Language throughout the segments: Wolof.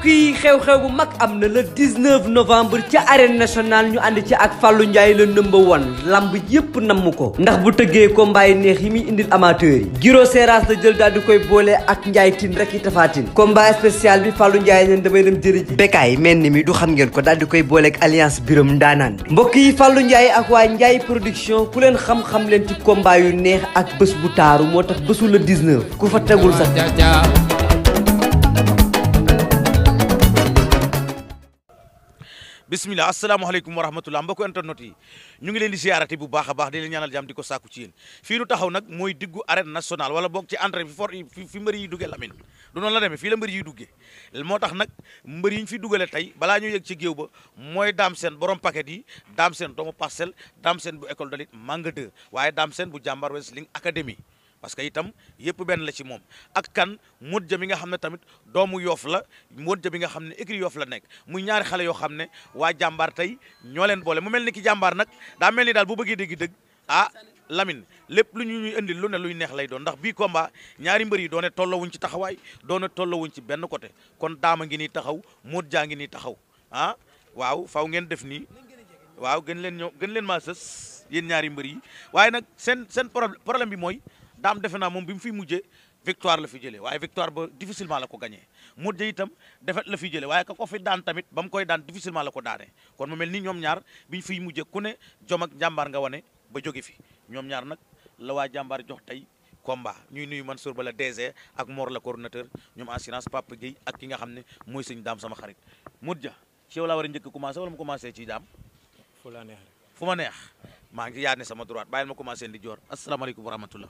mbokk xew-xew bu mag am na le 19 novembre ca arène nationale ñu ànd ci ak fallu Ndiaye le number one lamb yépp namm ko ndax bu tëggee combat yi neex yi muy indil amateur yi Giro la jël daal di koy boole ak Ndiaye rek i tafaatin combat bi fallu Ndiaye leen damay dem jëri ji Bekaay mel ni mi du xam ngeen ko daal di koy boole ak alliance biram ndaanaan mbokk yi Fallou Ndiaye ak waa Ndiaye production ku leen xam-xam leen ci combat yu neex ak bés bu taaru moo tax bésu la 19 ku fa tegul sax bisimilah asalaamaaleykum wa rahmatulah mbokku internet yi ñu ngi leen di ziarati bu baax a baax di leen ñaanal jàmm di ko sàkku ci yéen fii nu taxaw nag mooy diggu arène national wala boog ci entrée bi fi mbëri yi duggee Lamine du noonu la demee fii la mbëri yi duggee moo tax nag mbëri yi ñu fi dugale tey balaa ñu yëg ci géew ba mooy daam seen borom paquet yi daam seen doomu parcelle daam seen bu école de lutte Manga 2 waaye daam seen bu jàmbar Wrestling Academy parce que itam yëpp benn la ci moom ak kan mot ja mi nga xam ne tamit doomu yoof la mot ja bi nga xam ne écrit yoof la nekk muy ñaari xale yoo xam ne waa jàmbaar tey ñoo leen boole mu mel ni ki jàmbaar nag daa mel ni daal bu bëggee dégg dëgg ah Lamine lépp lu ñu ñuy indi lu ne luy neex lay doon ndax bii combat ñaari mbër yi doone tollowuñ ci taxawaay doone tollowuñ ci benn côté kon daama ngi ni taxaw mot jaa ngi nii taxaw ah waaw faw ngeen def nii waaw gën leen gën leen maa sës yéen ñaari mbër yi waaye nag seen seen problème bi mooy daam defe naa moom bi mu fi mujjee victoire la fi jëlee waaye victoire ba difficilement la ko gagné mu itam défaite la fi jëlee waaye ka ko fi daan tamit ba mu koy daan difficilement la ko daanee kon mu mel ni ñoom ñaar biñ fi mujjee ku ne jom ak jàmbaar nga wane ba joge fi ñoom ñaar nag la waa jàmbaar jox tey combat ñuy nuyu ba la DG ak moor la coordinateur ñoom assurance Papa Guèye ak ki nga xam ne mooy sëñ daam sama xarit Modou Dia ci yow war a commencé wala mu commencé ci daam fu la neex fu ma neex maa ngi yaar ne sama droite bàyyil ma commencé ndi joor asalaamaaleykum wa rahmatullah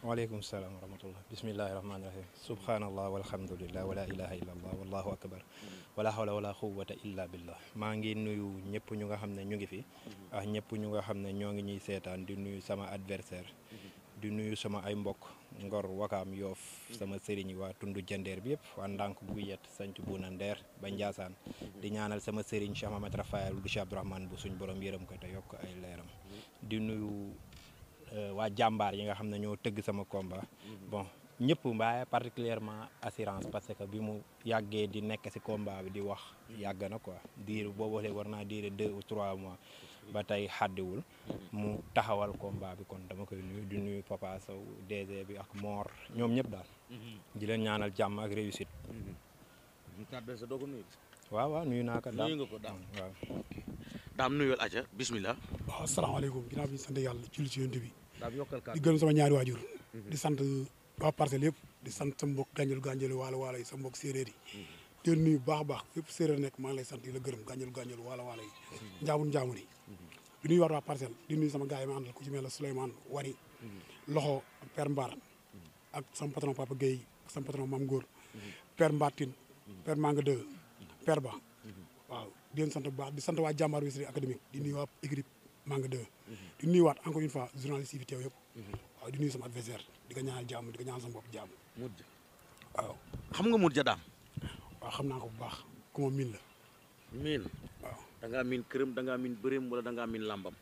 waaleykum salaam wa rahmatullah bismillahi rahmaani rahim subhanallah walhamdulillah wala ilaha illa allah wallahu akbar wala hawla wala quwwata illa billah maa ngi nuyu ñëpp ñu nga xam ne ñu ngi fi ah ñëpp ñu nga xam ne ñoo ngi ñuy seetaan di nuyu sama adversaire di nuyu sama ay mbokk ngor wakaam yoof sama sëriñ waa tund jandeer bi yëpp waa ndànk bu yet sanc bu na ndeer ba njaasaan di ñaanal sama sëriñ Cheikh Mahamad Rafaayal du Cheikh Abdourahmane bu suñ borom yërëm ko te yokk ay leeram di nuyu Euh, waa jàmbaar yi nga xam ne ñoo tëgg sama combat mhm. bon ñëpp mbaaye particulièrement assurance parce que bi mu yàggee di nekk ci combat bi di wax yàgg na quoi diir boobu léegi war naa diir deux ou trois mois ba tey xàddiwul mhm. mu taxawal combat bi kon dama koy nuyu di nuyu Papa Sow DG bi ak Mor ñoom ñëpp daal mhm. di leen ñaanal jàmm ak réussite waaw waaw nuyu naa ko daam nuyu nga waaw daam nuyuwal aja bismillah waaw asalaamaaleykum ginnaaw bi sant yàlla ci bi di gërëm sama ñaari waajur mhm. di sant waa parcelle yëpp di sant sama mbokk gànjal gànjal waalo waalo yi sama mbokk séeréer yi mhm. di nuyu baax baax fépp séeréer nekk maa ngi lay sant di la gërëm gànjal gànjal waalo waalo yi mhm. njaamun njaamun yi di nuyu waat waa parcelle di nuyu sama gaay ma àndal ku ci mel ne Wari loxo ak Père Mbar ak sama patron Papa Guèye ak sama patron Mame Góor Père Mbar Tine Père Manga De Père Ba waaw di leen sant bu baax di sant waa jàmbaar Wrestling Academy Manga 2. di nuyuwaat encore une fois journaliste yi fi teew yëpp. Mhm. waaw di nuyu sama adversaire di ko ñaanal jàmm di ko bopp jàmm. Modou Dia waaw. xam nga Modou Dia Dame. waaw xam naa ko bu baax ku ma miin la. miin waaw da ngaa miin këram da ngaa miin bëreem wala da miin làmbam.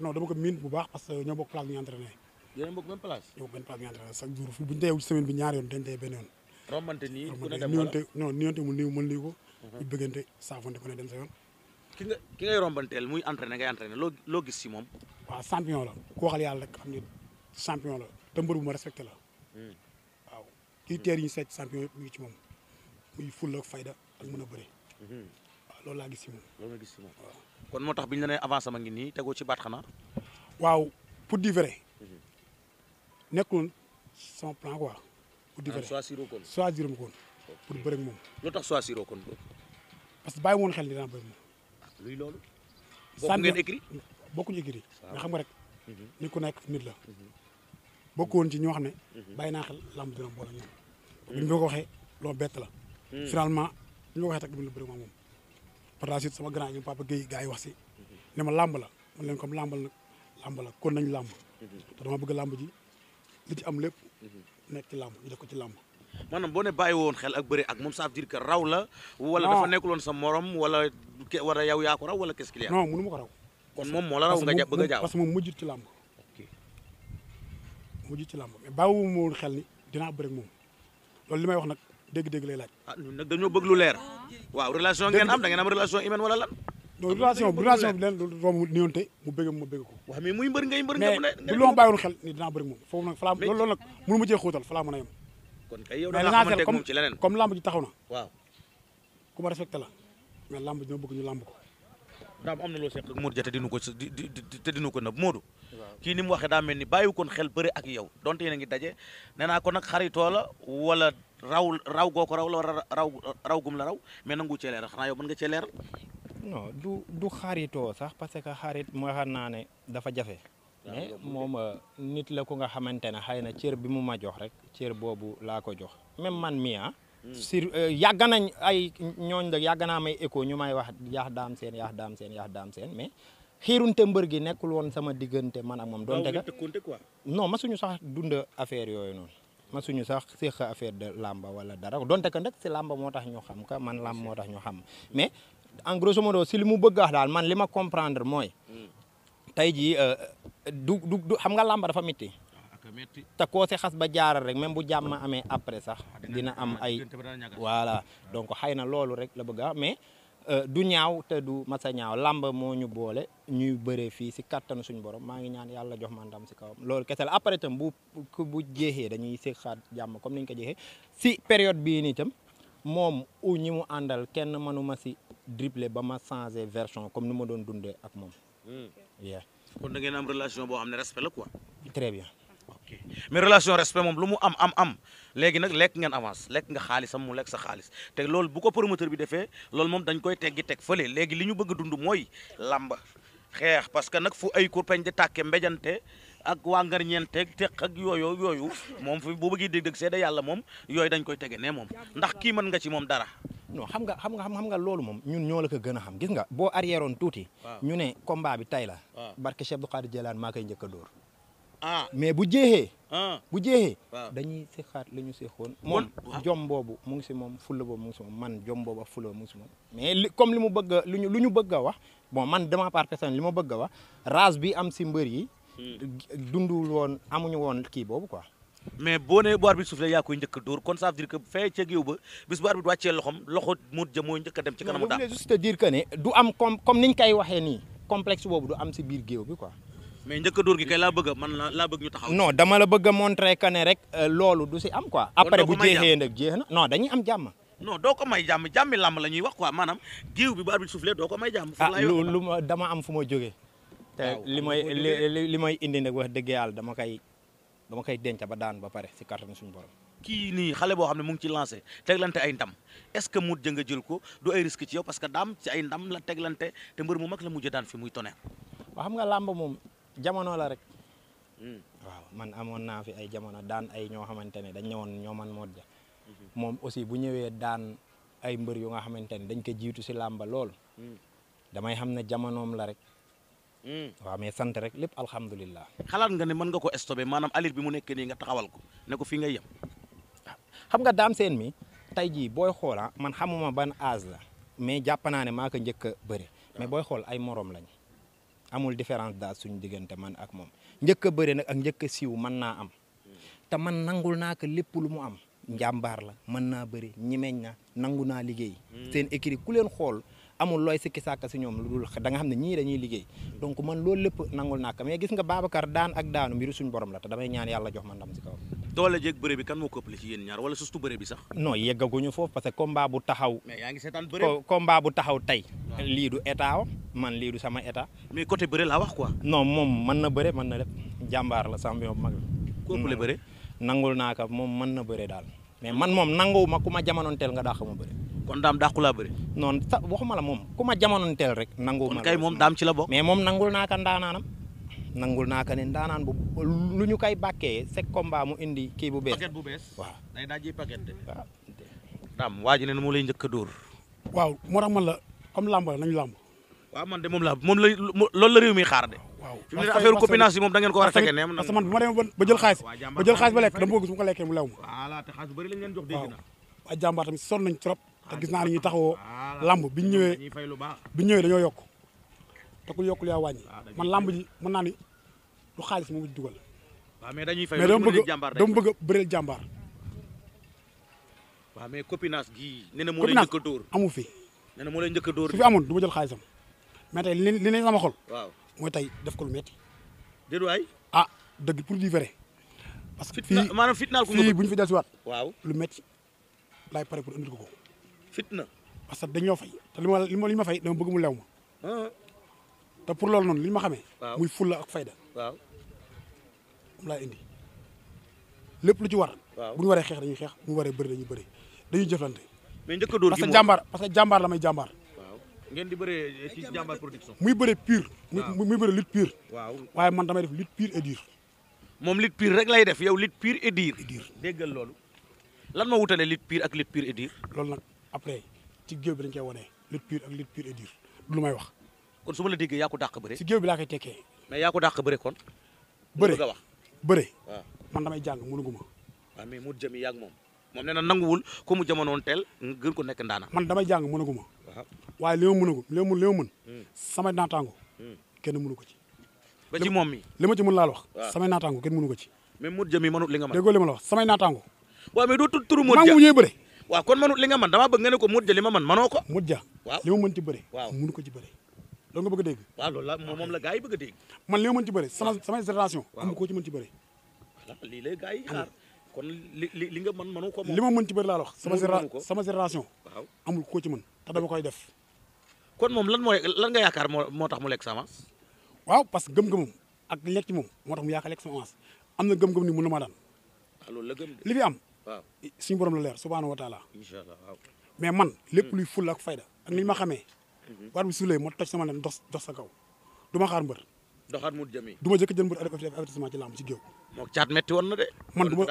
non dama ko miin bu baax parce que ñoo bokk place bi ñu entraîné. yéen bokk même place. ñoo bokk benn jour fu bu ñu semaine bi ñaari yoon dañ tey yoon. rombante nii ku dem mu nuyu mën nuyu ko. Mhm. bëggante saafante ku ki nga ki ngay rombanteel muy entraîné ngay entraîné loo loo gis si moom. waaw champion la ku waxal yàlla rek xam ne champion la te mbër bu ma respecté la. Hmm. waaw critères yi ñu seet champion yëpp mu ngi ci moom muy fulla ak fayda ak mën a bëre. Hmm. waaw loolu laa gis si moom. loolu gis si moom kon moo tax bi ñu la nee avancé ma ngi nii tegoo ci baat xanaa. waaw pour di nekk hmm. nekkul son plan quoi. pour di ah, vrai choisir kon choisir kon. pour bëre moom. lu tax choisir kon. parce que bàyyi woon xel ni daan bëri moom. luy loolu. bokk ngeen bokkuñu écrit nga ah. xam nga rek. Mhm. ni ku nekk nit la. Mhm. bokk woon ci ñoo xam ne. Mhm. bàyyi naa xel lamb dina boole ñoom. buñ ko waxee loo bett la. finalement buñ ko waxee tak dama la bëri sama grand ñoom papa Guèye yi wax si. ne ma lamb la man leen lambal nag lamb la nañ lamb. te dama ji li ci am lépp. nekk ci lamb ñu def ko ci lamb. maanaam boo ne bàyyi woon xel ak bëre ak moom sa veut dire que raw la. wala dafa nekkul woon sa morom wala ke wala yow yaa ko raw wala qu'est-ce qu'il y ma ko raw. kon moom moo la raw nga ja a jaaw parce que moom mujjut ci làmb. ok ci làmb mais bàyyiwuma woon xel ni dinaa bëre ak li may wax nag dégg-dégg lay laaj. ah ñun nag dañoo lu leer. waaw relation ngeen am da wala lan. non relation bi relation bi leen romb niyoonte mu bëgg ma bëgg ko. waaw mais muy mbër ngay mbër nga. mu xel ni dinaa bëri moom foofu nag. mais loolu nag mënu ma cee xóotal fa a yem. kon kay yow da nga xamante moom ci leneen comme lamb ji taxaw na waaw ku ma respecté la mais lamb bëgg ñu lamb ko daa am na loo seq ak Modou Dia te dinu ko te dinu ko nëb ni mu waxee daa mel ni bàyyi kon xel bëri ak yow donte yéen a ngi daje nee naa nag xaritoo la wala raw raw goo ko raw la wala raw raw gum la raw mais nangu cee leeral xanaa yow mën cee leeral du du xaritoo sax parce que xarit moo xam naa ne dafa jafe mais moom euh, nit la ko nga xamante ne xëy na cër bi mu ma jox rek cër boobu laa ko jox même man mii ah. Hmm. sur euh, yàgg nañ ay ñooñ la yàgg naa may éco ñu may wax yaax daam seen yaax daam seen yaax daam mais xiirunte mbër gi nekkul woon sama diggante man ak moom. donte ka ma suñu sax dund affaire yooyu noonu. ma suñu sax séq affaire de lamba wala dara donte que nag si lamba moo tax ñu xam man lamb moo tax ñu xam mais en si li mu bëgg wax daal man li ma comprendre mooy. Hmm. tey jii euh, du du du xam nga làmba dafa métti. te koo si xas ba jaaral rek même bu jàmm amee après sax ah, dina am ay voilà donc xëy na loolu rek la bëgg mais euh, du ñaaw te du masa ñaaw làmb moo ñu boole ñuy bëree fii si kattanu suñu borom maa ngi ñaan yàlla jox ma si kawam loolu kese la après itam bu bu jeexee dañuy séqaat jàmm comme ni ñu ko jeexee si période bii nii itam moom u ñi mu àndal kenn mënu ma si dribbler ba ma changé version comme ni ma doon dundee ak moom hmm. kon da ngeen am relation boo xam ne respect la quoi. très bien. mais relation respect moom lu mu am am am léegi nag lekk ngeen avance lekk nga xaalisam mu lekk sa xaalis te loolu bu ko promoteur bi defee loolu moom dañ koy teggi teg fële léegi li ñu bëgg dund mooy làmb xeex parce que nag fu ay kurpeñ di tàkke mbéjante ak waa ngar ñeenteeg teq ak yooyu yooyu moom fi bu bëggee dëgg-dëgg yàlla moom yooyu dañ koy tege ne moom ndax kii mën nga ci moom dara non xam nga xam nga xam nga loolu moom ñun ñoo la ko gën a xam gis nga boo arrière oon tuuti ñu ne combat bi tay la barke Cheikh Abdou Khadir Jëlaan maa koy njëkk a dóor ah mais bu jeexee ah. bu jeexee dañuy seexaat li ñu seexoon moom ah. jom boobu mu ngi si moom fulla boobu mu ngi si moom man jom boobu ak fulla boobu mu ngi si moom mais li comme li mu bëgg lu ñu lu ñu bëgg a wax bon man de ma part ma bëgg a wax rage bi am si mbër yi dundul woon amuñu woon kii boobu quoi. mais boo ne bu arbitre suuf yaa koy njëkk a dóor kon ça veut dire que fee ca géew ba bis bu arbitre wàccee loxom loxo mu jëm mooy dem ci kanamu daal. juste dire que ne du am comme comme niñ koy waxee nii complexe boobu du am si biir géew bi quoi. mais njëkk a gi kay laa bëgg a man laa bëgg ñu taxaw. non dama la bëgg a montrer que ne rek euh, loolu bu jeexee nag jeex na non dañuy am jàmm. non doo ko may jàmm jàmmi làmb la ñuy wax quoi maanaam géew bi bu arbitre suuf doo ko may jàmm. ah lu lu ma dama am fu ma jógee te li may li li indi nag wax dëgg yàlla dama koy dama koy denc ba daan ba pare si kàttanu suñu borom. kii nii xale boo xam ne mu ngi ci lancé teglante ay ndam est-ce que mu jënga jël ko du ay risque ci yow parce que daam ci ay ndam la teglante te mbër mu mag la mujj daan fi muy tonnerre. waa xam nga làmba moom jamono la rek. Hmm. waaw man amoon naa fi ay jamono daan ay ñoo xamante ne dañ ñëwoon ñoo man moo ja hmm. moom aussi bu ñëwee daan ay mbër yu nga xamante ne dañ ko jiitu si làmba lool. Hmm. damay xam ne jamonoom la rek. Mm. waaw mais sant rek lépp alhamdulilah. xalaat nga ne man nga ko stoppé maanaam alir mu nekk nii nga taxawal ko ne ko fii nga yem. xam nga daam seen mi tey jii booy xoola ah, man xamuma ban âge la mais jàpp naa ne maa njëkk a ah. mais booy xool ay moroom lañ amul différence daal suñu diggante man ak moom njëkk a bëri nag ak njëkk siw man naa am mm. te man nangul naa ko lépp lu mu am njàmbaar la mën naa bëri ñemeñ na nangu naa liggéey. Mm. seen écrit ku xool. amul looy sikki sàkk si ñoom lu nga xam ne ñii dañuy liggéey donc man loolu lépp nangul nàkk mais gis nga Babacar daan ak daanu mbiru suñu borom la te damay ñaan yàlla jox ma ndam si kaw doole jeeg bëre bi kan moo ko ëppale ci yéen ñaar wala surtout bëre bi sax non yeggaguñu foofu parce que tey lii état man lii sama état mais côté bëre laa wax quoi non moom mën na bëre mën na lépp jàmbaar la champion bu mag ko ëppale bëre nangul naa ko moom mën na bëre daal mais man moom nanguwuma ku ma jamonoonteel nga daa xama bëre kon daam dàqu bari noon non wax waxuma la moom ku ma jamonoonteel rek. nanguwul ma kon moom daam ci la bokk. mais moom nangul naa ka ndaanaanam nangul naa ka ne ndaanaan bu lu ñu koy bàkkee c'est combat mu indi kii bu bees. bu bees waaw day daa ji paquet de. waaw daam waa ji ne mu lay njëkk a dóor. waaw moo tax man la comme làmb la nañu làmb. waaw man de moom la la loolu mi xaar de. waaw a tege ne. parce que man bu ma demee ba ba jël xaalis ba lekk dama ko gis mu ko lekkee mu lew leen jox dégg na. waaw waa nañ trop te gis naa ni ñuy taxawoo làmb bi ñu ñëwee bi ñëwee dañoo yokk te yokk yokkul yaa wàññi ah, man làmb ji mën naa ni lu xaalis moom la mais dañuy fay dama bëgg dama bëgg mais copinage gii. nee na moo lay njëkk a amu fi. nee na moo lay njëkk a dóor su fi amoon du ma jël xaalisam mais tey li li ne sama xol. mooy tey def ko lu metti déedéet ah dëgg pour di parce que fii maanaam fitnaal ko bu ñu fi dellusiwaat. waaw lu metti laay pare pour indil ko ko. fitna parce que dañoo fay te li ma li ma li ma fay dama bëgg mu lew ma. Ah. te pour loolu noonu li ma xamee. muy fulla ak fayda. waaw moom laa indi lépp lu ci war. waaw bu ñu waree xeex dañuy xeex bu ñu waree bëri dañuy bëri dañuy jëflante. a dóor parce parce que jàmbaar la may jàmbaar. waaw ngeen di bëree ci jàmbaar production. muy bëre pure. muy muy bëre man damay def lutte pure et moom lutte pure rek lay def yow lutte pure et dure. et dure déggal loolu lan moo wutale lutte pure ak lutte pure et loolu nag après ci géew bi lañ koy wane lutte pure ak lutte pure et dure lu may wax. kon su ma la déggee yaa ko dàq bëre. si géew bi laa kay tekkee. mais yaa ko dàq bëre kon. bëre nga wax bëre. waaw ah. man damay jàng mënuguma. waaw ah, mais mu jëmi yaa ak moom. moom nee na nanguwul ko mu jamonoon teel nga gën ko nekk ndaana. man damay jàng mënuguma. waaw ah. waaye li ma mënugum li ma li samay naataango. kenn mënu ko ci. ba ci moom mi li ma ko ci. mais mu jëmi mënut li nga mën. déggoo li ma la wax samay naataango. waaw mais doo tudd turu Modou maa ngi waaw kon manut li nga man dama bëgg nga ne ko mujja li ma man manoo ko mujja waaw li ma mën waaw ko ci bëri loolu nga bëgg a dégg waaw la moom la gars yi bëgg a dégg man li ma mën ci bëri sama sama génération lii lay gars yi kon li li nga mën mënu ko li ma mën ci bëri laa wax sama sama génération waaw amul koo ci mën te dama koy def kon moom lan mooy lan nga yaakaar moo moo tax mu lekk sama waaw parce que gëm-gëmam ak lekk ci moom moo tax mu yaakaar lekk sama am na gëm-gëm ni mën na maa daan ah, loolu la gëm li fi am waaw suñu borom la leer subhaanahu wa taala incha allah waaw mais man lépp luy fulla ak fayda ak ni ma xamee mhm. war bi suulee ma toj sama leen dox dox sa kaw du ma xaar mbër doxaat mu jëm yi du ma jëkk jël mbër avertissement ci lamb ci géew moo caat metti woon na de man du ma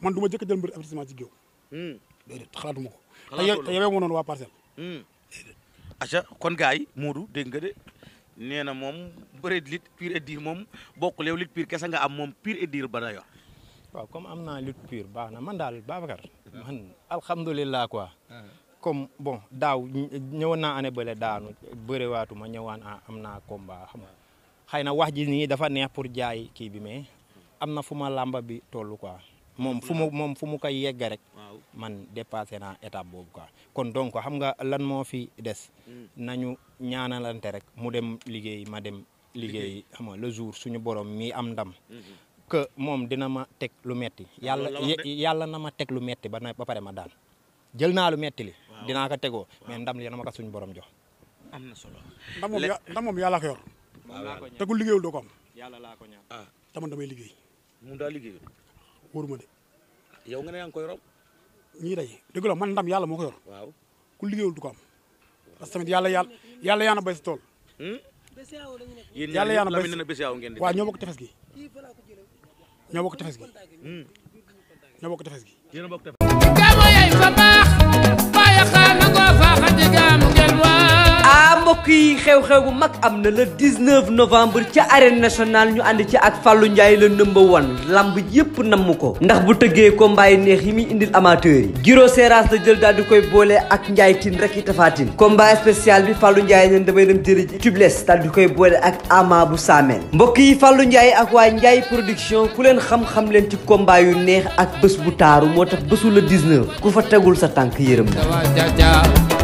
man du ma jëkk jël mbër avertissement ci géew hmm. déedéet xalaatuma ko te yowee ma noonu waa parcelle hmm. déedéet aca kon gars yi Modou dégg nga de nee na moom bëre lit pur et dur moom bokkul yow lit pur kese nga am moom pur et dur ba dayo waaw comme am naa lutte pure baax na man daal Babacar. man alhamdulilah quoi. comme bon daaw ñëwoon naa année bële daanu bëriwaatu ma ñëwaan ah, am naa combat xam nga xëy na wax ji nii dafa neex pour jaay kii bi mais am na fu ma làmba bi toll quoi moom fu mu moom fu mu koy yegg rek man dépassé naa étape boobu quoi kon donc xam nga lan moo fi des hmm. nañu ñaanalante rek mu dem liggéey ma dem liggéey xam nga jour suñu borom mi am ndam hmm. que moom dina ma teg lu metti yàlla yàlla na ma teg lu metti ba ba pare ma daan jël naa lu metti li dinaa ko tegoo mais ndam li na ma ko suñu borom jox ko te ku liggéeyul doo ko am yàlla laa ko ñaan ah. te man damay liggéey mu daa liggéeyul wóoruma de yow nga ne yaa ngi koy rob ñii day dëgg la man ndam yàlla moo ko yor waaw ku liggéeyul du ko am parce que tamit yàlla yàlla yàlla yaa na bay si tool hmm? yàlla yaa na bay si waaw tefes gi ñoo bokk tefes gi. Hmm. ñoo bokk tefes gi. yéen a bokk tefes gi. mbokk yi xew-xew bu mag am na le 19 novembre ca arène nationale ñu ànd ci ak Fallou Ndiaye le number one lamb yépp namm ko ndax bu tëggee combat yi neex yi muy indil amateur yi Giro la jël daal di koy boole ak Ndiaye Tine rek i tafaatin combat spécial bi Fallou Ndiaye leen damay dem jëri ji tubles daal di koy boole ak Ama bu saameel mbokk yi fallu Ndiaye ak waaye Ndiaye production ku leen xam-xam leen ci combat yu neex ak bés bu taaru moo tax bésu le ku fa tegul sa tànk yërëm na